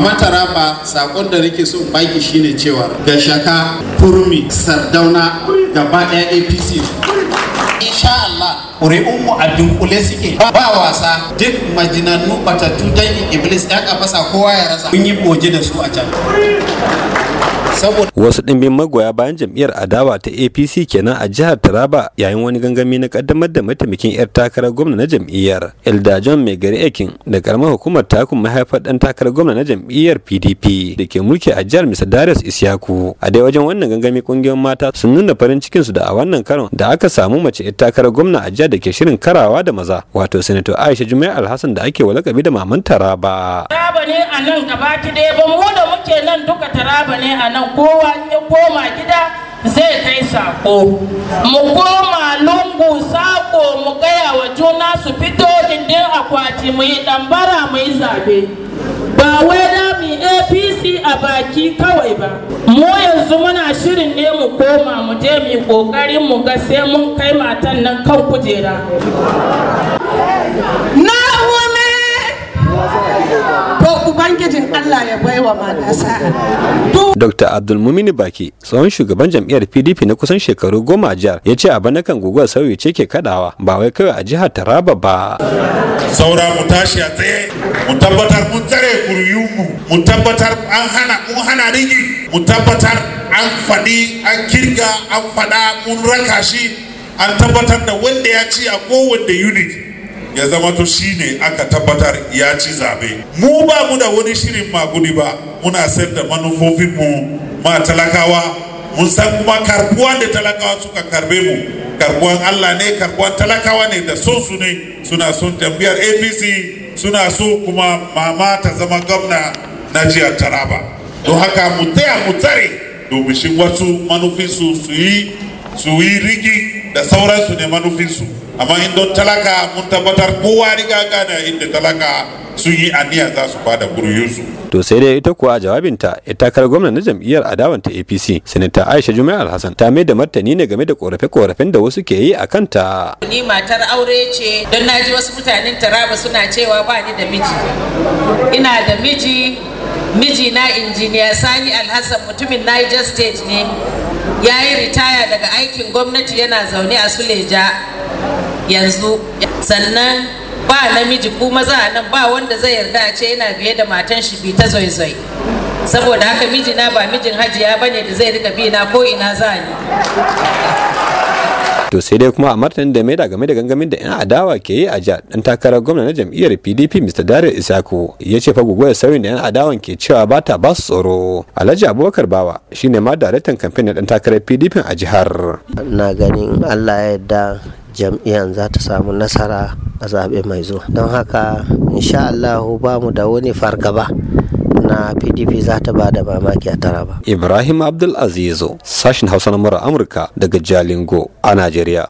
mama taraba sakon da nake so baki shine cewa ga shaka kurmi sardauna gaba daya apc insha Allah ƙuri'unmu a dunkule suke ba wasa duk majinannu batattu dangin iblis ya kafa sa kowa ya rasa mun yi boje da su a can saboda wasu ɗimbin magoya bayan jam'iyyar adawa ta apc kenan a jihar taraba yayin wani gangami na kaddamar da mataimakin yar takarar gwamna na jam'iyyar elda john mai gari ekin da karamar hukumar takun mahaifar ɗan takarar gwamna na jam'iyyar pdp da ke mulki a jihar mr darius isyaku a dai wajen wannan gangami kungiyoyin mata sun nuna farin cikin su da a wannan karon da aka samu mace yar takarar gwamna a jihar da ke shirin karawa da maza wato senator aisha juma'a alhassan da ake walakabi da maman taraba. ne a nan gabaki ɗaya ba mu da muke nan duka taraba ne a nan kowa in ya koma gida zai kai sako mu koma lungu sako mu gaya wa juna su fito din akwati mu yi ɗambara mu yi zabe ba wai da mu apc a baki kawai ba mu yanzu muna shirin ne mu koma mu je mu yi ƙoƙarin mu ga sai mun kai matan nan kan kujera na Allah ya baiwa Dr. Baki, tsohon shugaban jam'iyyar PDP na kusan shekaru goma a jihar, ya ce abin kan guguwar sauyi ce ke kadawa ba wai kawai a jihar Taraba ba. Saura mu tashi a tsaye, mu tabbatar mun tsare kuriyunmu, mu tabbatar an hana mun hana rigi, mu tabbatar an faɗi an kirga an faɗa mun raka shi, an tabbatar da wanda ya ci a kowanne unit ya zama to shine aka tabbatar ya ci zabe mu ba mu da wani shirin maguni ba muna sayar da manufofin mu ma talakawa mun san kuma karbuwan da talakawa suka karbe mu karbuwan Allah ne karbuwan talakawa ne da son su ne suna son jam'iyyar APC suna so kuma mama ta zama gwamna na jiya Taraba don haka mu taya mu tsare domin shi wasu manufinsu su yi su yi rigi da sauransu ne manufinsu amma in don talaka mun tabbatar kowa riga gane inda talaka sun yi aniya za su bada buryunsu. To sai dai ita kuwa jawabinta kar gwamna na jam'iyyar adawan ta APC sanata Aisha jumai Alhassan ta mai da martani ne game da korafe-korafen da wasu ke yi a kanta. Ni matar aure ce don na ji wasu mutanen Taraba suna cewa ba ni da miji. Ina da miji, miji na injiniya Sani Alhassan mutumin Niger State ne ya yi ritaya daga aikin gwamnati yana zaune a suleja yanzu sannan ba namiji za maza nan ba wanda zai yarda a ce yana biye da matan shi bi ta zoizoi saboda haka mijina ba mijin hajiya bane da zai rika bi na ko ina za ni to sai dai kuma a martanin da maida game da gangamin da yan adawa ke yi a jihar dan takarar gwamna na jam'iyyar pdp mr dare isaku ya ce fa guguwar sauyin da yan adawan ke cewa ba ta ba su tsoro alhaji abubakar bawa shine ma daraktan kamfen na dan takarar pdp a jihar na ganin allah ya yarda jam'iyyar za ta samu nasara a zaɓe mai zuwa don haka insha allahu ba mu da wani fargaba na pdp za ta ba da mamaki a ba ibrahim abdulaziz sashin hausa na amurka daga jalingo a najeriya